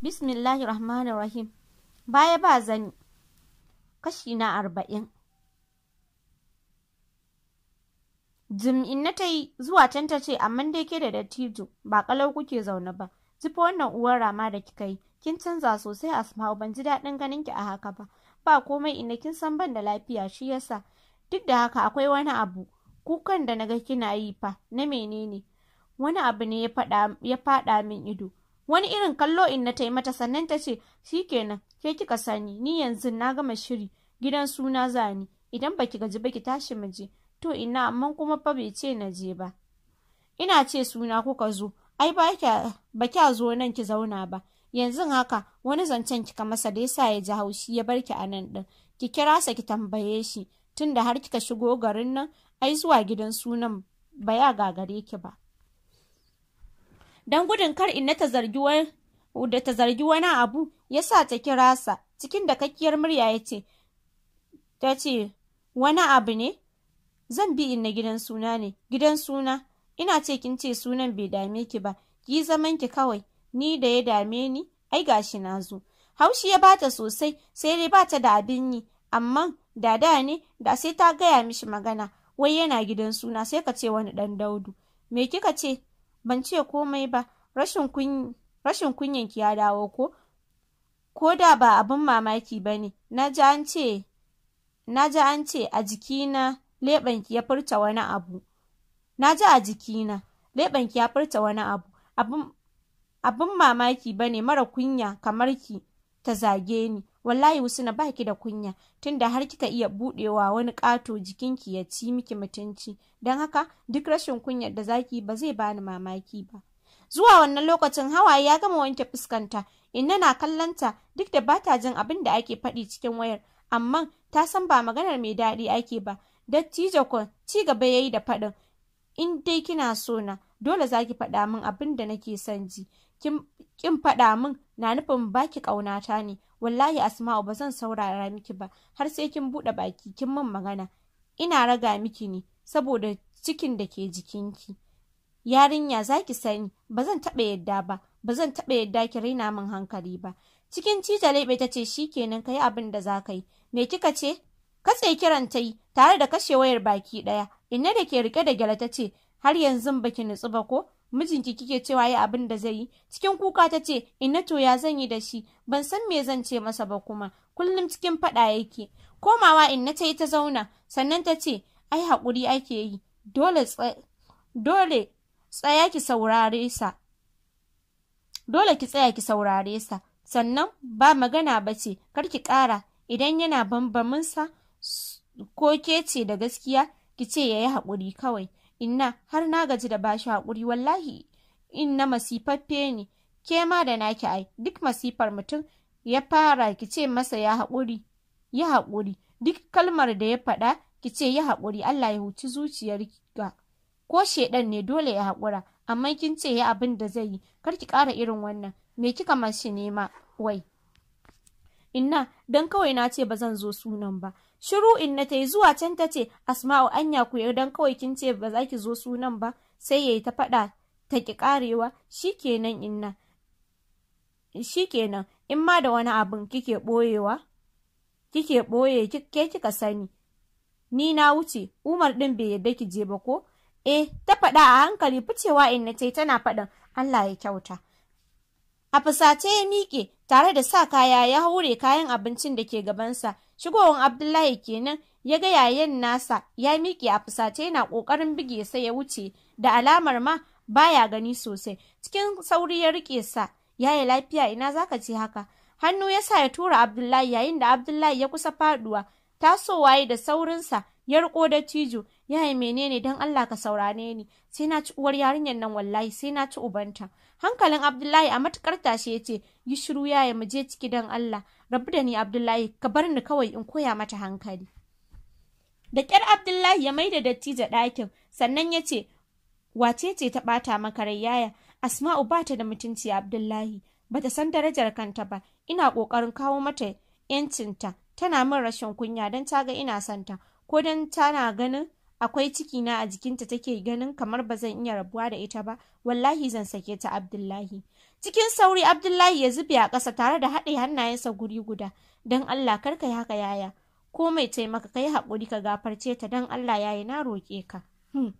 bismillahi rahmanir rahim baya ba zani kashi na arba'in jim'in na ta yi zuwa can ta ce amma dai ke da dattijo ba kalau kuke zaune ba zufa wannan uwar rama da kika yi kin canza sosai asma'u ban ji daɗin ganin ki a haka ba ba komai ina kin san ban da lafiya shi yasa duk da haka akwai wani abu kukan da naga kina yi fa na menene wani abu ne ya faɗa min ido wani irin kallo in na taimata mata sannan ta ce kenan ke kika sani ni yanzu na gama shiri gidan suna zani idan baki gaji ba ki tashi mu je to ina amma kuma fa bai ce na je ba ina ce suna kuka zo ai ba kya zo nan ki zauna ba yanzu haka wani zancen kika masa da yasa ya ji haushi ya bar ki anan din ki kira sa ki tambaye shi tunda har kika shigo garin nan ai zuwa gidan sunan baya ya gagare ki ba don gudun kar inna ta zargi da ta zargi wani abu ya sa ta kira sa cikin da kakkiyar murya ya ce ta ce wani abu ne zan bi inna gidan suna ne gidan suna ina ce kin ce sunan bai dame ki ba ki zaman ki kawai ni da ya dame ni ai gashi na zo haushi ya bata sosai sai dai bata da abin yi amma da da ne da sai ta gaya mishi magana wai yana gidan suna sai ka ce wani dan daudu me kika ce ban ce komai ba rashin kunyanki ya dawo ko ko da ba abin mamaki ba ne na ji an ce a jikina leɓanki ya furta wani abu na ji a jikina leɓanki ya furta wani abu abin mamaki ba ne mara kunya kamar ki ta zage ni wallahi wasu na baki da kunya tunda har kika iya budewa wani kato jikinki ya ci miki mutunci don haka duk rashin kunyar da zaki ba zai bani mamaki ba zuwa wannan lokacin hawaye ya gama wanke fuskanta inna na kallanta duk da bata jin abin da ake faɗi cikin wayar amma ta san ba maganar mai daɗi ake ba dattijo kun ci gaba yayi da faɗin in dai kina so na dole zaki faɗa min abin da nake son ji kin faɗa min na nufin baki ƙaunata ne wallahi asma'u ba zan saurara miki ba har sai kin buɗe baki kin min magana ina raga miki ne saboda cikin da ke jikinki yarinya za ki sani ba zan taɓa yadda ba ba zan taɓa yadda ki raina min hankali ba cikin cijaleɓe ta ce shi kenan ka yi abin da za ka yi me kika ce katse kiran ta yi tare da kashe wayar baki ɗaya inna da ke rike da gyale ta ce har yanzu baki nutsu ba ko mijinki kike cewa ya abin da zai yi cikin kuka ta ce ina to ya zan yi da shi ban san me zan ce masa ba kuma kullum cikin faɗa yake komawa inna ta yi ta zauna sannan ta ce ai haƙuri ake yi dole dole tsaya ki saurare sa dole ki tsaya ki saurare sa sannan ba magana ba ce kar ki ƙara idan yana sa ko ke ce da gaskiya ki ce yayi yi haƙuri kawai inna har na gaji da bashi haƙuri wallahi inna masifaffe ne ke ma da naki ai duk masifar mutum ya fara ki ce masa ya haƙuri ya haƙuri duk kalmar da ya faɗa ki ce ya haƙuri Allah ya huci zuciyar ga ko shedan ne dole ya haƙura amma kin ce ya abin da zai yi kar ki ƙara irin wannan me kika mashi nema wai inna dan kawai na ce ba zan zo sunan ba Shiru in na ta yi zuwa can ta ce, Asma'u anya ku yardan kawai kin ce ba za ki zo sunan ba, sai yayi yi ta faɗa ta ki ƙarewa, shi inna. shikenan in ma da wani abin kike ɓoyewa, kike ɓoye ke kika sani. Ni na wuce, Umar ɗin bai yarda ki je ba ko? Eh, ta faɗa a hankali ficewa in na ta yi tana faɗin Allah ya kyauta. A fusace ya miƙe tare da sa kaya ya haure kayan abincin da ke gabansa. Shigowar Abdullahi kenan ya ga yayan nasa ya miƙe a fusace yana ƙoƙarin bige sai ya wuce da alamar ma baya gani sosai. Cikin sauri ya riƙe sa yaya lafiya ina zaka ce haka. Hannu ya sa ya tura Abdullahi yayin da Abdullahi ya kusa faɗuwa tasowa da saurinsa ya riƙo da tijo yaya menene don Allah ka saurane ni sai na ci uwar yarinyar nan wallahi sai na ci ubanta hankalin Abdullahi a matukar tashe ya ce yi shiru yaya mu je ciki don Allah rabu da ni Abdullahi ka bar ni kawai in koya mata hankali da kyar Abdullahi ya maida datti da ɗakin sannan ya ce wace ce ta ɓata maka rai yaya Asma'u ba ta da mutunci Abdullahi bata san darajar kanta ba ina ƙoƙarin kawo mata 'yancinta tana min rashin kunya don ta ga ina santa ko don tana ganin akwai ciki na a jikinta take ganin kamar ba zan iya rabuwa da ita ba wallahi zan sake ta abdullahi cikin sauri abdullahi ya zube a ƙasa tare da haɗe hannayensa guri guda don allah kar ka yi haka yaya ko mai taimaka kai haƙuri ka gafarce ta don allah yayi na roƙe ka don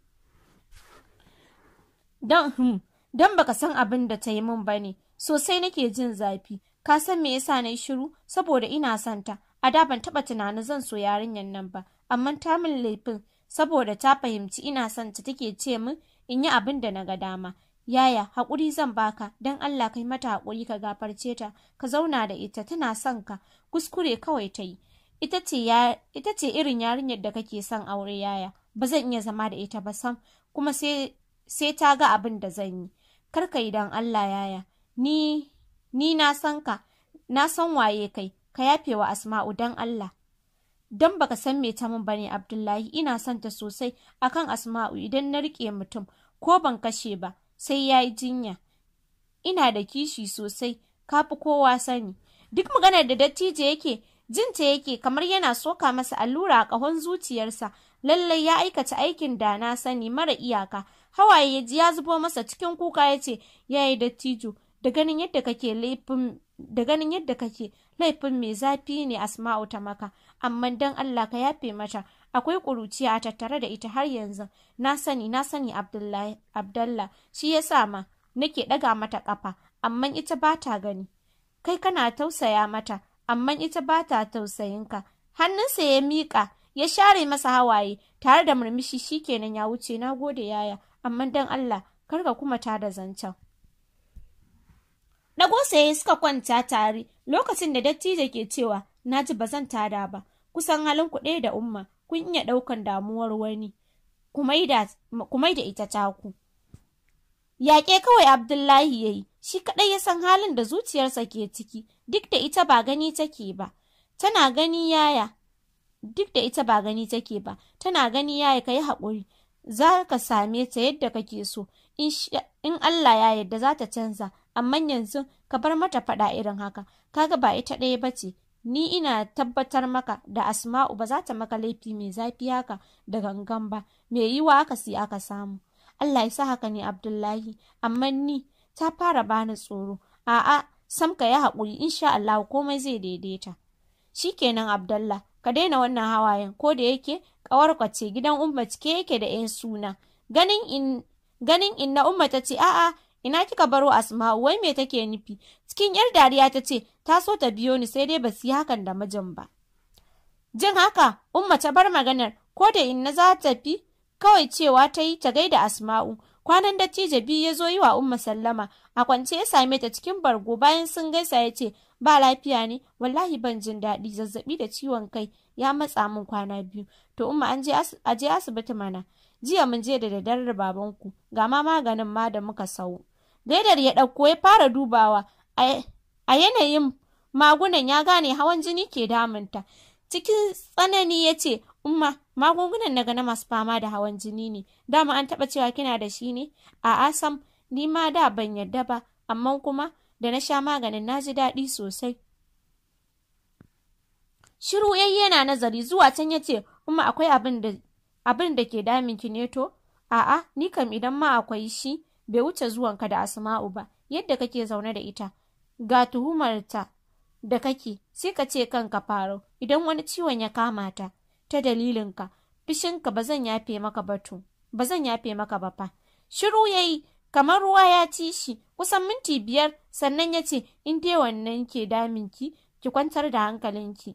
hmm. don hmm. baka san abin da ta yi min ba ne sosai nake jin zafi ka san me yasa na yi shiru saboda ina santa a da ban taɓa tunanin zan so yarinyar nan ba amma ta min laifin saboda ta fahimci ina son ta take ce min in yi abin da na ga dama. Yaya, haƙuri zan baka, don Allah kai mata haƙuri ka gafarce ta, ka zauna da ita, tana son ka, kuskure kawai ta yi. Ita ce irin yarinyar da kake son aure yaya, ba zan iya zama da ita ba sam, kuma sai ta ga abin da zan yi. Kar ka yi don Allah yaya, ni, na san ka, na san waye kai, ka yafe wa Asma'u don Allah. don baka san me ta mun bane Abdullahi ina son ta sosai akan Asma'u idan na rike mutum ko ban kashe ba sai yayi jinya ina da kishi sosai kafi kowa sani duk maganar da dattijo yake jinta yake kamar yana soka masa allura a ƙahon zuciyarsa lallai ya aikata aikin da na sani mara iyaka hawaye ya ya zubo masa cikin kuka ya ce yayi dattijo da ganin yadda kake laifin da ganin yadda kake laifin mai zafi ne asma'u ta maka amma dan Allah ka yafe mata akwai ƙuruciya a tattare da ita har yanzu na sani na sani abdallah shi ya sa ma nake ɗaga mata kafa amma ita ba ta gani kai kana tausaya mata amma ita ba ta tausayinka hannunsa ya miƙa ya share masa hawaye tare da murmushi shi shikenan ya wuce na gode yaya amma dan Allah kar kuma ta da zancen ya suka kwanta tare lokacin da dattijo ke cewa na ji ba zan tada ba, kusan halin kuɗe da umma kun iya ɗaukan damuwar wani, kuma da ita taku. Yaƙe kawai Abdullahi ya yi, shi kaɗai ya san halin da zuciyarsa ke ciki, duk da ita ba gani take ba, tana gani yaya, duk da ita ba gani take ba, tana gani yaya ka yi haƙuri, za ka same ta yadda kake so, in Allah ya yarda za ta canza, amma yanzu ka bar mata faɗa irin haka kaga ba ita ɗaya ba ce ni ina tabbatar maka da asma'u ba za ta maka laifi mai zafi haka da gangan ba mai yi wa aka si aka samu allah ya sa haka ne abdullahi amma ni ta fara bani tsoro a'a sam ka yi haƙuri insha allahu komai zai daidaita shi kenan abdallah ka daina wannan hawayen ko da yake ƙawarka ce gidan umma cike yake da yan suna ganin in ganin in na umma ta ce a'a ina kika baro asma'u wai me take nufi cikin yar dariya ta ce ta so ta biyo ni sai dai ba su yi hakan da mijin ba jin haka umma ta bar maganar ko da inna za ta fi kawai cewa ta yi ta gaida asma'u kwanan dattijo biyu ya zo yi wa umma sallama a kwance ya same ta cikin bargo bayan sun gaisa ya ce ba lafiya ne wallahi ban jin daɗi zazzaɓi da ciwon kai ya matsa min kwana biyu to umma an je asibiti mana jiya mun je da daddare babanku ga ma maganin ma da muka sau ledar ya ɗauko ya fara dubawa a yanayin magunan ya gane hawan jini ke damunta cikin tsanani ya ce umma magungunan na na masu fama da hawan jini ne dama an taɓa cewa kina da shi ne a asam ni ma da ban yarda ba amma kuma da na sha maganin na ji daɗi sosai shiru yayi yana nazari zuwa can ya ce umma akwai abin da ke damin ki ne to a'a ni kam idan ma akwai shi bai wuce zuwanka da asma'u ba yadda kake zaune da ita ga tuhumarta da kake sai ka ce kanka faro idan wani ciwon ya kama ta ta dalilinka fishinka ba zan yafe maka ba to ba zan yafe maka ba fa shiru yayi kamar ruwa ya ci shi kusan minti biyar sannan ya ce in dai wannan ke damin ki ki kwantar da hankalinki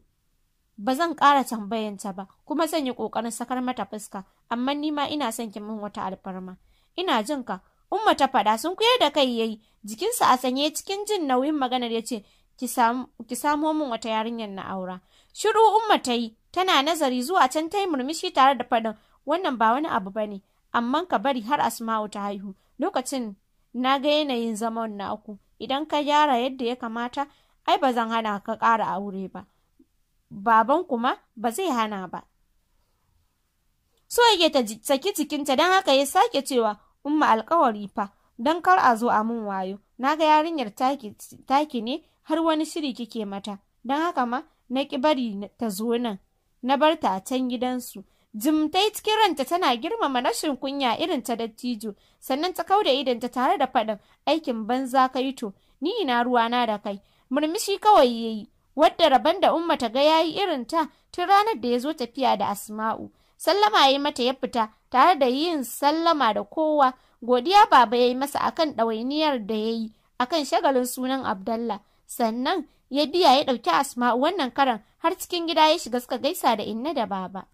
ba zan ƙara tambayanta ba kuma zan yi ƙoƙarin sakar mata fuska amma ni ma ina son ki min wata alfarma ina jinka Umma ta faɗa sun kuyar da kai yayi jikinsa a sanye cikin jin nauyin maganar ya ce ki samo min wata yarinyar na aura. Shiru Umma ta yi tana nazari zuwa can ta yi murmushi tare da faɗin wannan ba wani abu ba ne amma ka bari har Asma'u ta haihu lokacin na ga yanayin zaman naku idan ka gyara yadda ya kamata ai ba zan hana ka ƙara aure ba. Baban kuma ba zai hana ba. So yake ta saki jikinta don haka ya sake cewa umma alkawari fa don kar a zo a mun wayo na ga yarinyar taki ne har wani shiri kike mata don haka ma na ki bari ta zo nan na bar ta a can gidansu jimtai cikin ranta tana girmama rashin kunya irin ta dattijo sannan ta kau da idanta tare da faɗin aikin banza kai to ni ina na da kai murmushi kawai yayi wadda rabon da umma ta ga yayi irin ta tun ranar da ya zo tafiya da asma'u sallama ya yi mata ya fita tare da yin sallama da kowa godiya baba ya yi masa akan ɗawainiyar da ya yi akan shagalin sunan abdallah sannan ya biya ya ɗauki asma wannan karan har cikin gida ya shiga suka gaisa da inna da baba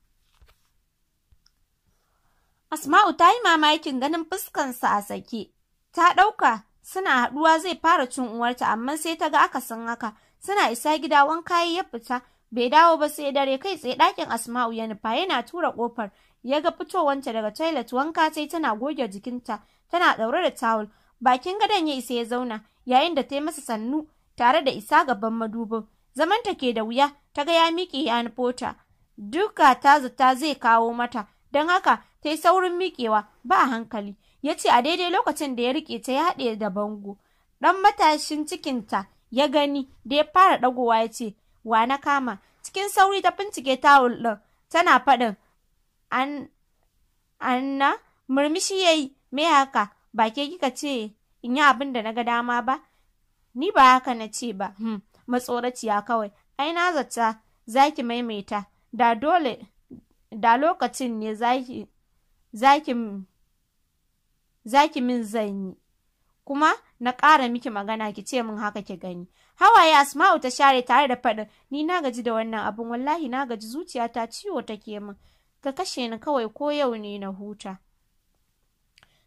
asma'u ta yi mamakin ganin fuskansa a sake ta ɗauka suna haɗuwa zai fara cin uwarta amma sai ta ga akasin haka suna isa gida wanka ya fita bai dawo ba sai dare kai tsaye ɗakin asma'u ya nufa yana tura ƙofar ya ga fitowanta daga toilet wanka sai tana goge jikinta tana ɗaure da tawul bakin gadon ya isa ya zauna yayin da ta masa sannu tare da isa gaban madubin zamanta ke da wuya ta ga ya miƙe ya nufo ta duka ta zata zai kawo mata don haka ta yi saurin miƙewa ba a hankali ya ce a daidai lokacin da ya riƙe ta ya haɗe da bango ɗan matashin cikinta ya gani da ya fara ɗagowa ya ce wa na kama cikin sauri ta bincike tawul ɗin tana faɗin an anna murmushi yayi mai haka ba ke kika ce in yi abin da na ga dama ba ni ba haka na ce ba hmm. matsoraciya kawai ai na zata za ki maimaita da dole da lokacin ne za ki zaki min zanyi kuma na ƙara miki magana ki ce min haka ki gani Hawaye Asma'u ta share tare da faɗin, ni na gaji da wannan abun wallahi na gaji zuciya zuciyata ciwo take min, ka kashe ni kawai ko yau ne na huta.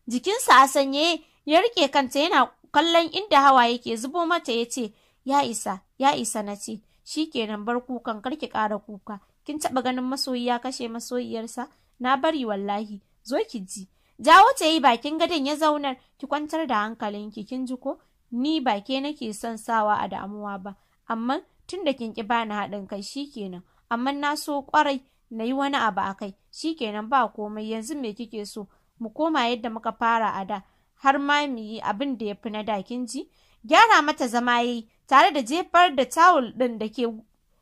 Jikinsa a sanye ya rike kanta yana kallon inda hawa yake zubo mata ya ce, ya isa, ya isa na ce, shi kenan bar kukan karki kara kuka, kin taɓa ganin masoyiya kashe masoyiyarsa, na bari wallahi, zo ki ji. Jawo ta yi bakin gadon ya zaunar, ki kwantar da hankalinki, kin ji ko, ni ba ke nake son sawa a damuwa ba amma tun da kin ki bani haɗin kai shi kenan amma na so kwarai na yi wani abu a kai shi kenan ba komai yanzu me kike so mu koma yadda muka fara a da har ma mu yi abin da ya fi na da kin ji gyara mata zama ya yi tare da jefar da tawul ɗin da ke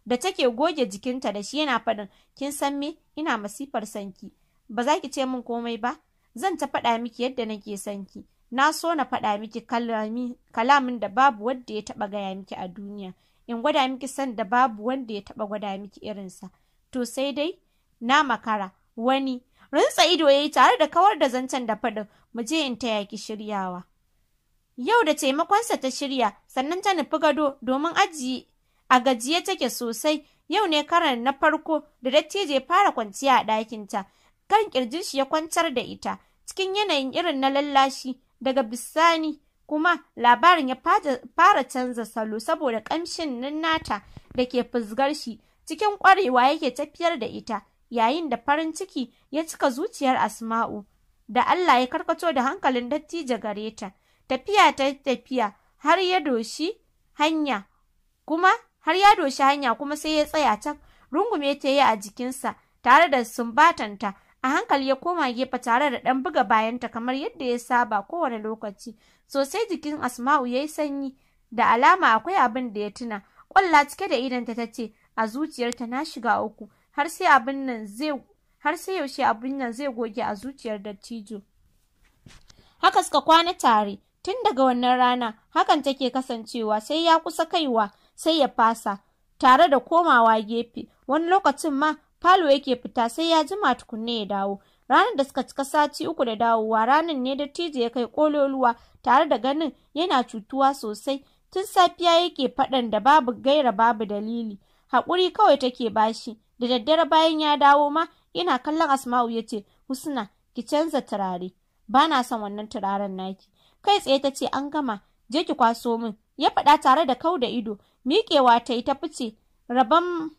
da take goge jikinta da shi yana faɗin kin san me ina masifar sanki ba za ki ce min komai ba zan ta faɗa miki yadda nake sanki na so na faɗa miki kalamin da babu wanda ya taɓa gaya miki a duniya in gwada miki san da babu wanda ya taɓa gwada miki irinsa to sai dai na makara wani rinsa ido ya yi tare da kawar da zancen da faɗin mu je in taya ki shiryawa yau da taimakonsa ta shirya sannan ta nufi gado domin ajiye a gajiye take sosai yau ne karan na farko da dattijo ya fara kwanciya a ɗakinta kan kirjin shi ya kwantar da ita cikin yanayin irin na lallashi daga bisani kuma labarin ya fara canza salo saboda kamshin nan nata da ke fusgar shi cikin kwarewa yake tafiyar da ita yayin da farin ciki ya cika zuciyar asma'u da Allah ya karkato da hankalin dattijo gare ta tafiya ta tafiya har ya doshi hanya kuma har ya doshi hanya kuma sai ya tsaya can rungume ta yi a jikinsa tare da sumbatanta a hankali ya koma gefe tare da ɗan buga bayanta kamar yadda ya saba kowane lokaci sosai jikin asma'u ya yi sanyi da alama akwai abin da ya tuna ƙwalla cike da idanta ta ce a zuciyarta na shiga uku har sai abin nan zai har sai yaushe abin nan zai goge a zuciyar dattijo haka suka kwana tare tun daga wannan rana hakan take kasancewa sai ya kusa kaiwa sai ya fasa tare da komawa gefe wani lokacin ma falo yake fita sai ya jima tukunne ya dawo ranar da suka cika sati uku da dawowa ranar ne dattijo ya kai kololuwa tare da ganin yana cutuwa sosai tun safiya yake faɗan da babu gaira babu dalili haƙuri kawai take bashi da daddare bayan ya dawo ma yana kallon asma'u ya ce husna ki canza turare ba na son wannan turaren naki kai tsaye ta ce an gama je ki kwaso min ya faɗa tare da kau da ido miƙewa ta yi ta fice rabon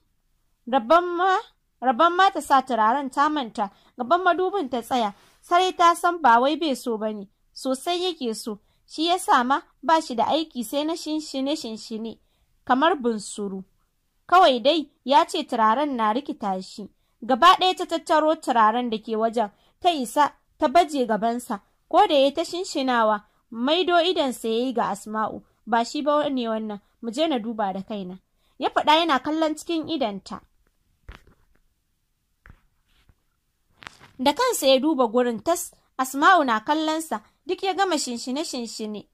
ma Rabon ma ta sa turaren ta manta, gaban madubin ta tsaya, sarai ta san ba wai bai so ba ne, sosai yake so, shi ya sa ma ba shi da aiki sai na shinshine-shinshine, kamar bunsuru. Kawai dai ya ce turaren na rikita shi, gaba ɗaya ta tattaro turaren da ke wajen, ta isa ta baje gabansa, ko da ya ta shinshinawa, maido idonsa ya yi ga Asma'u, ba shi ba ne wannan, mu je na duba da kaina. Ya faɗa yana kallon cikin idanta. da kansa ya duba gurin tas asma'u na kallonsa duk ya gama shinshine-shinshine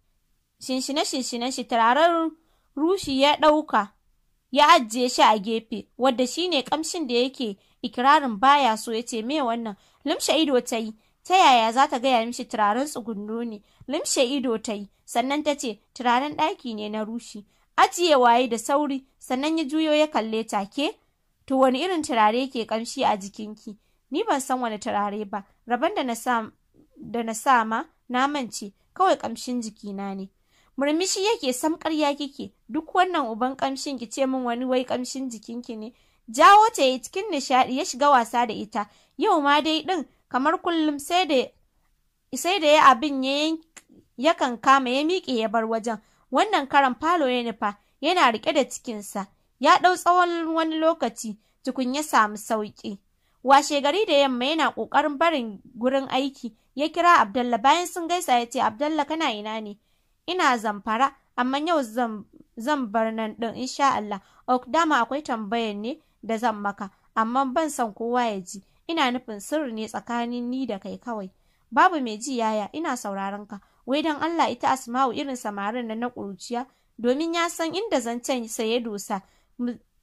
shinshine shi turaren rushi ya ɗauka ya ajiye shi a gefe wadda shine kamshin da yake ikirarin baya so ya ce me wannan limshe ido ta yi ta yaya za ta gaya mishi turaren tsugundu ne limshe ido ta yi sannan ta ce turaren ɗaki ne na rushi ajiye waye da sauri sannan ya juyo ya kalle take to wani irin turare ke kamshi a jikinki ni ban san wani turare ba rabon da na sa na ma na mance kawai kamshin jikina ne murmushi yake sam ya kike duk wannan uban kamshin ki ce min wani wai kamshin jikinki ne jawo ta yi cikin nishaɗi ya shiga wasa da ita yau ma dai ɗin kamar kullum sai da sai da ya abin ya kan kama ya miƙe ya bar wajen wannan karan falo ya nufa yana riƙe da cikinsa ya ɗau tsawon wani lokaci tukun ya samu sauƙi washe gari da yamma yana kokarin barin gurin aiki ya kira abdalla bayan sun gaisa ya ce abdalla kana ina ne ina zamfara amma yau zan bar nan din insha Allah ok dama akwai tambayar ne da zan maka amma ban son kowa ya ji ina nufin sirri ne tsakanin ni da kai kawai babu mai ji yaya ina sauraron ka wai dan Allah ita asma'u irin samarin nan na kuruciya domin ya san inda zancen sai ya dosa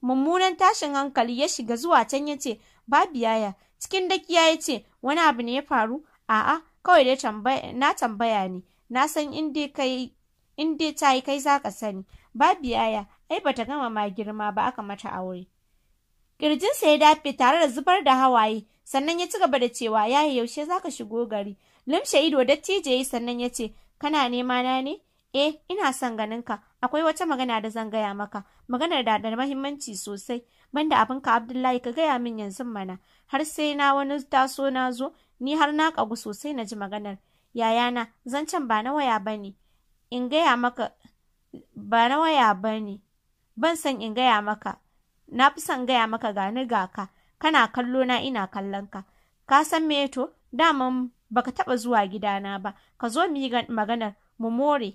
mummunan tashin hankali ya shiga zuwa can ya ce babu yaya cikin dakiya ya ce wani abu ne ya faru a'a kawai dai na tambaya ne na san inda dai ta yi kai zaka sani babu yaya ai bata gama ma girma ba aka mata aure kirjinsa ya dafe tare da zubar da hawaye sannan ya ci gaba da cewa yaya yaushe zaka shigo gari limshe ido dattijo yi sannan ya ce kana nema na ne eh ina son ganin ka akwai wata magana da zan gaya maka maganar da da mahimmanci sosai banda abin ka Abdullahi ka gaya min yanzu mana har sai na wani taso na zo ni har na kagu sosai na ji maganar yayana can ba na waya ne in gaya maka ba na waya ne ban san in gaya maka na fi son gaya maka ga ni ga ka kana kallo na ina kallon ka ka san me to daman baka taba zuwa gidana ba ka zo mu yi maganar mu more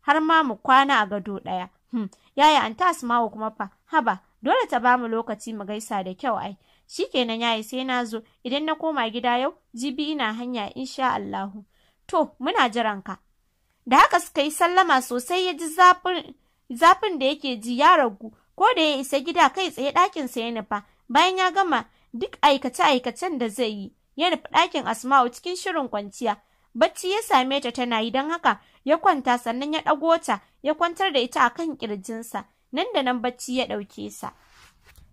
har ma mu kwana a gado ɗaya. Hmm. Yaya an ta Asma'u kuma fa, haba, dole ta ba mu lokaci mu gaisa da kyau ai. shi kenan yayi sai na zo, idan na koma gida yau, jibi ina hanya insha Allahu. To, muna jiranka. Da haka suka yi sallama sosai ya ji zafin da yake ji ya ragu, ko da ya isa gida kai tsaye ɗakinsa ya nufa, bayan ya gama duk aikace-aikacen da zai yi, ya nufi ɗakin Asma'u cikin shirin kwanciya. Bacci ya same ta tana yi don haka ya kwanta sannan ya ɗago ta ya kwantar da ita akan kirjinsa nan da nan bacci ya ɗauke sa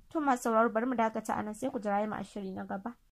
to masu sauraro bari mu dakata nan sai ku jira mu a shiri na gaba